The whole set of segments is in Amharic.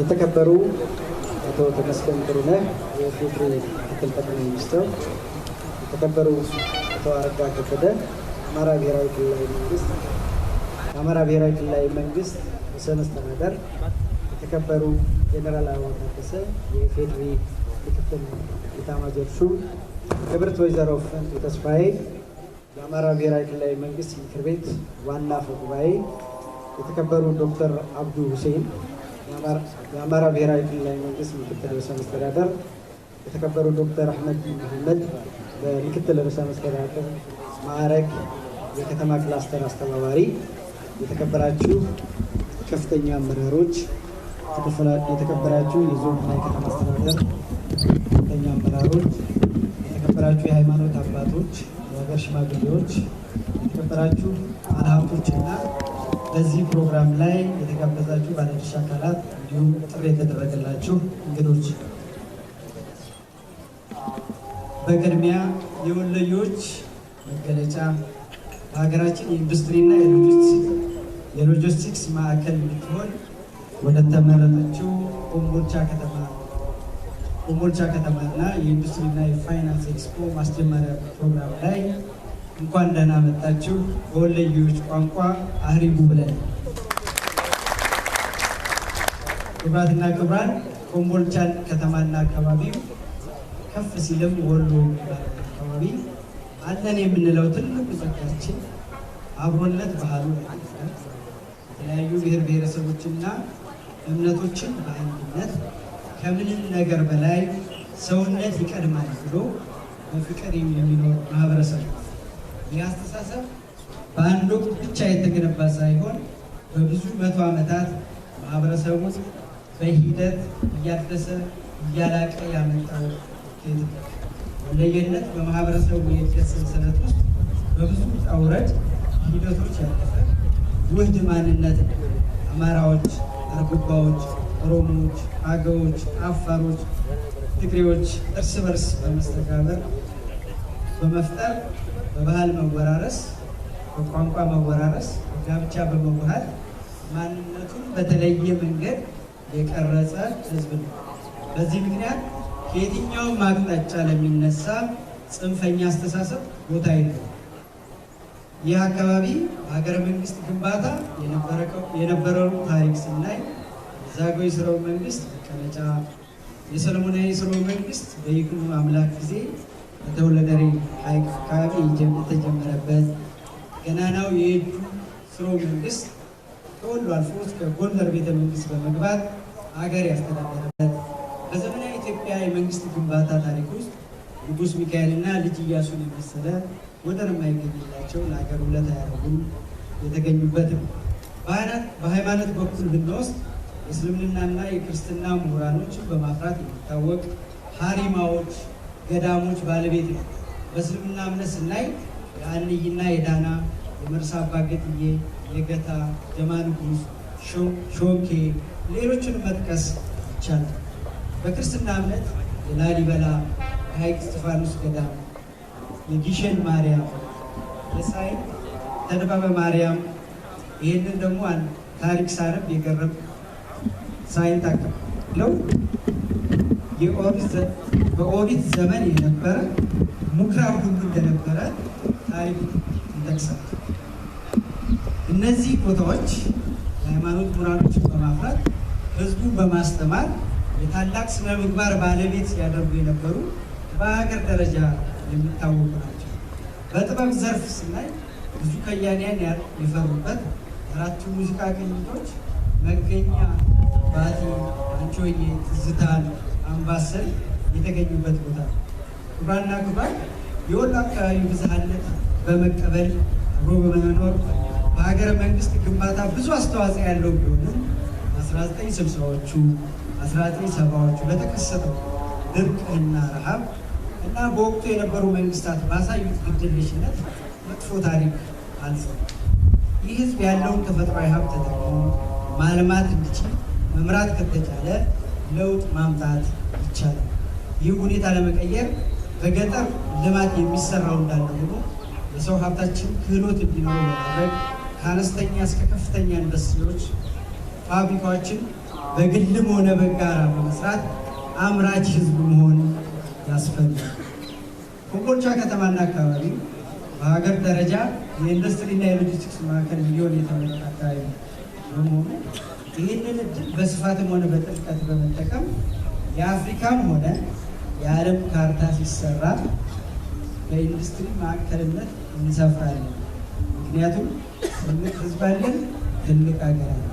የተከበሩ አቶ ተመስገን ጥሩነህ የኢፌዴሪ ምክትል ጠቅላይ ሚኒስትር፣ የተከበሩ አቶ አረጋ ከበደ አማራ ብሔራዊ ክልላዊ መንግስት የአማራ ብሔራዊ ክልላዊ መንግስት ርዕሰ መስተዳደር፣ የተከበሩ ጄኔራል አበባው ታደሰ የኢፌዴሪ ምክትል ኤታማዦር ሹም፣ ክብርት ወይዘሮ ፈንቱ ተስፋዬ የአማራ ብሔራዊ ክልላዊ መንግስት ምክር ቤት ዋና አፈ ጉባኤ፣ የተከበሩ ዶክተር አብዱ ሁሴን የአማራ ብሔራዊ ክልላዊ መንግስት ምክትል ርዕሰ መስተዳደር የተከበሩ ዶክተር አህመድ መሐመድ በምክትል ርዕሰ መስተዳደር ማዕረግ የከተማ ክላስተር አስተባባሪ፣ የተከበራችሁ ከፍተኛ አመራሮች፣ የተከበራችሁ የዞን ላይ ከተማ አስተዳደር ከፍተኛ አመራሮች፣ የተከበራችሁ የሃይማኖት አባቶች፣ የሀገር ሽማግሌዎች፣ የተከበራችሁ ባለሀብቶችና በዚህ ፕሮግራም ላይ የተጋበዛችሁ ባለድርሻ አካላት እንዲሁም ጥሪ የተደረገላችሁ እንግዶች፣ በቅድሚያ የወሎዬዎች መገለጫ በሀገራችን የኢንዱስትሪና የሎጂስቲክስ ማዕከል የምትሆን ወደ ተመረጠችው ኮምቦልቻ ከተማና የኢንዱስትሪና የፋይናንስ ኤክስፖ ማስጀመሪያ ፕሮግራም ላይ እንኳን ደህና መጣችሁ። በወለዩዎች ቋንቋ አህሪቡ ብለን ክብራትና ክብራን ኮምቦልቻን ከተማና አካባቢው ከፍ ሲልም ወሎ አካባቢ አለን የምንለው ትልቁ ጸጋችን አብሮነት ባህሉ የተለያዩ ብሔር ብሔረሰቦችና እምነቶችን በአንድነት ከምንም ነገር በላይ ሰውነት ይቀድማል ብሎ በፍቅር የሚኖር ማህበረሰብ ነው። ይህ አስተሳሰብ በአንድ ወቅት ብቻ የተገነባ ሳይሆን በብዙ መቶ ዓመታት ማህበረሰቡ በሂደት እያደሰ እያላቀ ያመጣው ውጤት ነው። ወለየነት በማህበረሰቡ የእድገት ሰንሰለት ውስጥ በብዙ ውጣ ውረድ ሂደቶች ያለፈ ውህድ ማንነት አማራዎች፣ አርጎባዎች፣ ኦሮሞዎች፣ አገዎች፣ አፋሮች፣ ትግሬዎች እርስ በርስ በመስተጋበር በመፍጠር በባህል መወራረስ፣ በቋንቋ መወራረስ፣ በጋብቻ በመዋሃድ ማንነቱን በተለየ መንገድ የቀረጸ ህዝብ ነው። በዚህ ምክንያት ከየትኛውም አቅጣጫ ለሚነሳ ጽንፈኛ አስተሳሰብ ቦታ የለውም። ይህ አካባቢ በሀገረ መንግስት ግንባታ የነበረውን ታሪክ ስናይ ዛጎይ ሥርወ መንግስት መቀመጫ፣ የሰለሞናዊ ሥርወ መንግስት በይኩኖ አምላክ ጊዜ በተወለደሪ ሐይቅ አካባቢ የተጀመረበት ገናናው የእጁ ሥርወ መንግስት ከወሎ አልፎ እስከ ጎንደር ቤተ መንግስት በመግባት ሀገር ያስተዳደረበት በዘመናዊ ኢትዮጵያ የመንግስት ግንባታ ታሪክ ውስጥ ንጉሥ ሚካኤልና ልጅ እያሱን የመሰለ ወደር የማይገኝላቸው ለሀገር ውለታ ያደረጉም የተገኙበት ነው። በሃይማኖት በኩል ብንወስድ የእስልምናና የክርስትና ምሁራኖችን በማፍራት የሚታወቅ ሀሪማዎች ገዳሞች ባለቤት ነው። በእስልምና እምነት ስናይ የአንይና የዳና፣ የመርሳ አባ የገታ፣ ደማንጉስ፣ ሾኬ ሌሎችን መጥቀስ ይቻላል። በክርስትና እምነት የላሊበላ፣ የሐይቅ እስጢፋኖስ ገዳም፣ የጊሸን ማርያም፣ የሳይ ተድባበ ማርያም ይህንን ደግሞ ታሪክ ሳረብ የገረም ሳይንት አለው የኦሪት በኦዲት ዘመን የነበረ ሙክራ ሁሉ እንደነበረ ታሪክ ይጠቅሳል። እነዚህ ቦታዎች የሃይማኖት ሙራዶችን በማፍራት ህዝቡ በማስተማር የታላቅ ስነ ምግባር ባለቤት ሲያደርጉ የነበሩ በሀገር ደረጃ የሚታወቁ ናቸው። በጥበብ ዘርፍ ስናይ ብዙ ከያንያን የፈሩበት አራቱ ሙዚቃ ቅኝቶች መገኛ፣ ባቲ፣ አንቾዬ፣ ትዝታን፣ አምባሰል የተገኙበት ቦታ ነው። ክቡራንና ክቡራን የወሎ አካባቢ ብዝሃነት በመቀበል አብሮ በመኖር በሀገረ መንግስት ግንባታ ብዙ አስተዋጽኦ ያለው ቢሆንም 1960ዎቹ 1970ዎቹ ለተከሰተው ድርቅና ረሃብ እና በወቅቱ የነበሩ መንግስታት ባሳዩት ግድየለሽነት መጥፎ ታሪክ አንጽም። ይህ ህዝብ ያለውን ተፈጥሯዊ ሀብት ተጠቅሞ ማልማት እንዲችል መምራት ከተቻለ ለውጥ ማምጣት ይቻላል። ይህ ሁኔታ ለመቀየር በገጠር ልማት የሚሰራው እንዳለ ሆኖ የሰው ሀብታችን ክህሎት እንዲኖረው ለማድረግ ከአነስተኛ እስከ ከፍተኛ ኢንዱስትሪዎች፣ ፋብሪካዎችን በግልም ሆነ በጋራ በመስራት አምራች ህዝብ መሆን ያስፈልጋል። ኮምቦልቻ ከተማና አካባቢ በሀገር ደረጃ የኢንዱስትሪና የሎጂስቲክስ ማዕከል ሚሊዮን የተመረቀ አካባቢ በመሆኑ ይህንን እድል በስፋትም ሆነ በጥልቀት በመጠቀም የአፍሪካም ሆነ የዓለም ካርታ ሲሰራ በኢንዱስትሪ ማዕከልነት እንሰፍራለን። ምክንያቱም ትልቅ ህዝብ አለን፣ ትልቅ ሀገር አለን።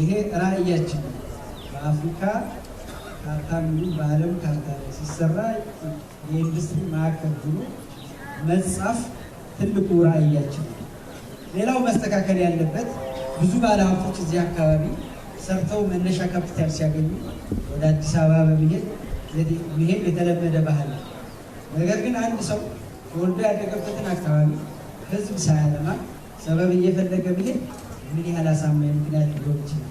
ይሄ ራዕያችን ነው። በአፍሪካ ካርታ ምኑ በዓለም ካርታ ላይ ሲሰራ የኢንዱስትሪ ማዕከል ብሎ መጻፍ ትልቁ ራዕያችን ነው። ሌላው መስተካከል ያለበት ብዙ ባለሀብቶች እዚህ አካባቢ ሰርተው መነሻ ካፒታል ሲያገኙ ወደ አዲስ አበባ በመሄድ ዘዴ ይሄም የተለመደ ባህል ነው። ነገር ግን አንድ ሰው ተወልዶ ያደገበትን አካባቢ ህዝብ ሳያለማ ሰበብ እየፈለገ ብሄድ ምን ያህል አሳማኝ ምክንያት ሊሆን ይችላል?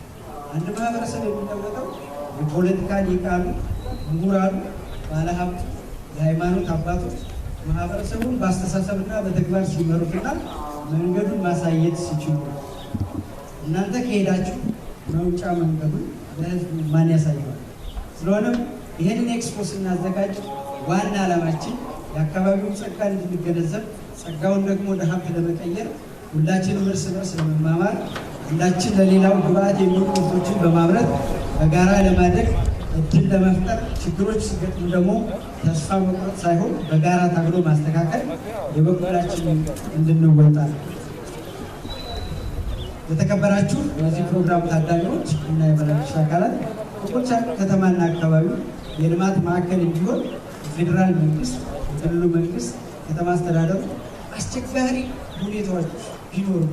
አንድ ማህበረሰብ የሚለወጠው የፖለቲካ ሊቃሉ፣ ምሁራኑ፣ ባለሀብቱ፣ የሃይማኖት አባቶች ማህበረሰቡን በአስተሳሰብና በተግባር ሲመሩትና መንገዱን ማሳየት ሲችሉ እናንተ ከሄዳችሁ መውጫ መንገዱን ለህዝብ ማን ያሳየዋል? ስለሆነም ይህንን ኤክስፖ ስናዘጋጅ ዋና ዓላማችን የአካባቢውን ጸጋ እንድንገነዘብ፣ ጸጋውን ደግሞ ወደ ሀብት ለመቀየር ሁላችንም እርስ በርስ ለመማማር አንዳችን ለሌላው ግብአት የሚሆኑ ምርቶችን በማምረት በጋራ ለማደግ እድል ለመፍጠር ችግሮች ሲገጥሙ ደግሞ ተስፋ መቁረጥ ሳይሆን በጋራ ታግሎ ማስተካከል የበኩላችን እንድንወጣ ነው። የተከበራችሁ በዚህ ፕሮግራም ታዳሚዎች እና የባለድርሻ አካላት ኮምቦልቻ ከተማና አካባቢው የልማት ማዕከል እንዲሆን ፌዴራል መንግስት፣ የክልሉ መንግስት፣ ከተማ አስተዳደሩ አስቸጋሪ ሁኔታዎች ቢኖሩ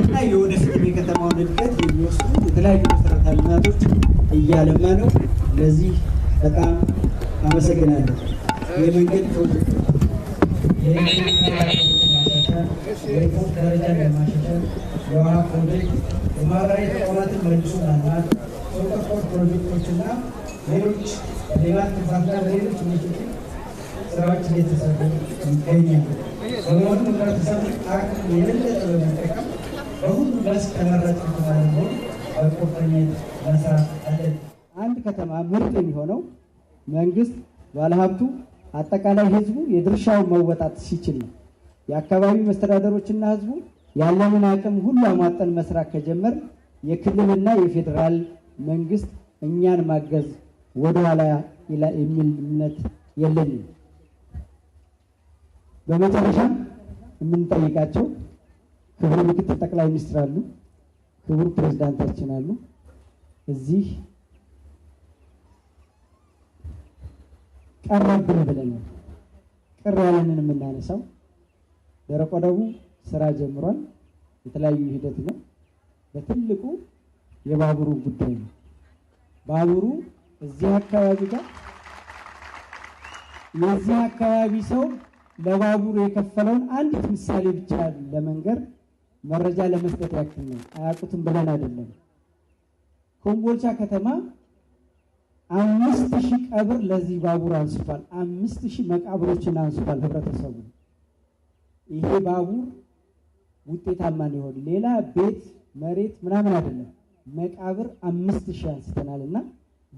እንኳ የወደፊት የከተማውን እድገት የሚወስዱ የተለያዩ መሰረተ ልማቶች እያለማ ነው። ለዚህ በጣም አመሰግናለሁ። የመንገድ ፕሮጀክት የሪፖርት ደረጃ ለማሻሻል የውሃ ፕሮጀክት የማህበራዊ ተቋማትን መልሶ ማልማት የቆርቆር ፕሮጀክቶችና ሌሎች ሌላት ክፋትና ሌሎች ኢኒሽቲቭ ስራዎች እየተሰሩ ይገኛሉ። በመሆኑ ህብረተሰቡ አቅም የበለጠ በመጠቀም በሁሉ መስክ ተመረጠ ተባልጎ በቁርጠኝነት መስራት አለን። አንድ ከተማ ምርጥ የሚሆነው መንግስት፣ ባለሀብቱ፣ አጠቃላይ ህዝቡ የድርሻውን መወጣት ሲችል ነው። የአካባቢ መስተዳደሮችና ህዝቡ ያለምን አቅም ሁሉ አሟጠን መስራት ከጀመር የክልልና የፌዴራል መንግስት እኛን ማገዝ ወደኋላ የሚል እምነት የለኝም። በመጨረሻ የምንጠይቃቸው ክቡር ምክትል ጠቅላይ ሚኒስትር አሉ፣ ክቡር ፕሬዝዳንታችን አሉ። እዚህ ቀረብን ብለናል። ቅር ያለንን የምናነሳው ደረቅ ወደቡ ስራ ጀምሯል። የተለያዩ ሂደት ነው በትልቁ የባቡሩ ጉዳይ ነው። ባቡሩ እዚህ አካባቢ ጋር የዚህ አካባቢ ሰው ለባቡሩ የከፈለውን አንዲት ምሳሌ ብቻ ለመንገር መረጃ ለመስጠት ያክል ነው። አያውቁትም ብለን አይደለም። ኮምቦልቻ ከተማ አምስት ሺህ ቀብር ለዚህ ባቡር አንስቷል። አምስት ሺህ መቃብሮችን አንስቷል ህብረተሰቡ። ይሄ ባቡር ውጤታማ ይሆን ሌላ ቤት መሬት ምናምን አይደለም። መቃብር አምስት ሺህ አንስተናል እና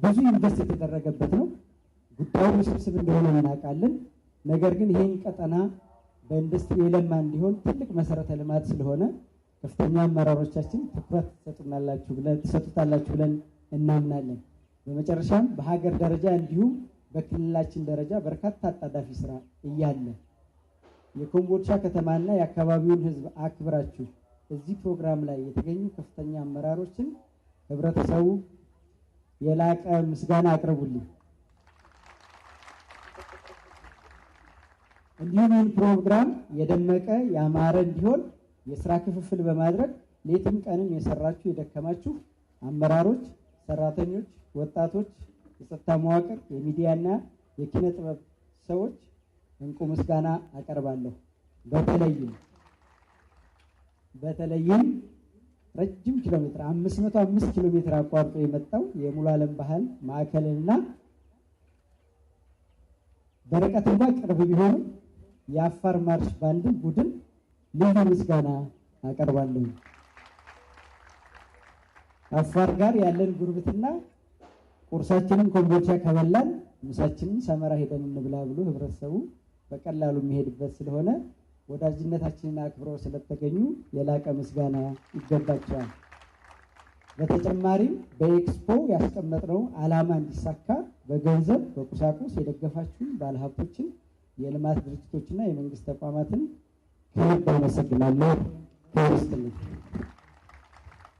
ብዙ ኢንቨስት የተደረገበት ነው። ጉዳዩ ውስብስብ እንደሆነ እናውቃለን። ነገር ግን ይህን ቀጠና በኢንዱስትሪ የለማ እንዲሆን ትልቅ መሰረተ ልማት ስለሆነ ከፍተኛ አመራሮቻችን ትኩረት ትሰጡታላችሁ ብለን እናምናለን። በመጨረሻም በሀገር ደረጃ እንዲሁም በክልላችን ደረጃ በርካታ አጣዳፊ ስራ እያለ የኮምቦልቻ ከተማና የአካባቢውን ሕዝብ አክብራችሁ እዚህ ፕሮግራም ላይ የተገኙ ከፍተኛ አመራሮችን ህብረተሰቡ የላቀ ምስጋና አቅርቡልኝ። እንዲሁም ይህን ፕሮግራም የደመቀ ያማረ እንዲሆን የስራ ክፍፍል በማድረግ ሌትም ቀንም የሰራችሁ የደከማችሁ አመራሮች፣ ሰራተኞች፣ ወጣቶች፣ የጸጥታ መዋቅር፣ የሚዲያና የኪነ ጥበብ ሰዎች እንቁ ምስጋና አቀርባለሁ። በተለይም በተለይም ረጅም ኪሎ ሜትር አምስት መቶ አምስት ኪሎ ሜትር አቋርጦ የመጣው የሙሉ ዓለም ባህል ማዕከልና በረቀት እንኳ ቅርብ ቢሆንም የአፋር ማርሽ ባንድ ቡድን ልዩ ምስጋና አቀርባለሁ። አፋር ጋር ያለን ጉርብትና ቁርሳችንን ኮምቦልቻ ከበላን ምሳችንን ሰመራ ሄደን እንብላ ብሎ ህብረተሰቡ በቀላሉ የሚሄድበት ስለሆነ ወዳጅነታችንን አክብረው ስለተገኙ የላቀ ምስጋና ይገባቸዋል። በተጨማሪም በኤክስፖ ያስቀመጥነው ዓላማ እንዲሳካ በገንዘብ በቁሳቁስ የደገፋችሁ ባለሀብቶችን፣ የልማት ድርጅቶችና የመንግስት ተቋማትን ከልብ አመሰግናለሁ። ክብር ይስጥልኝ።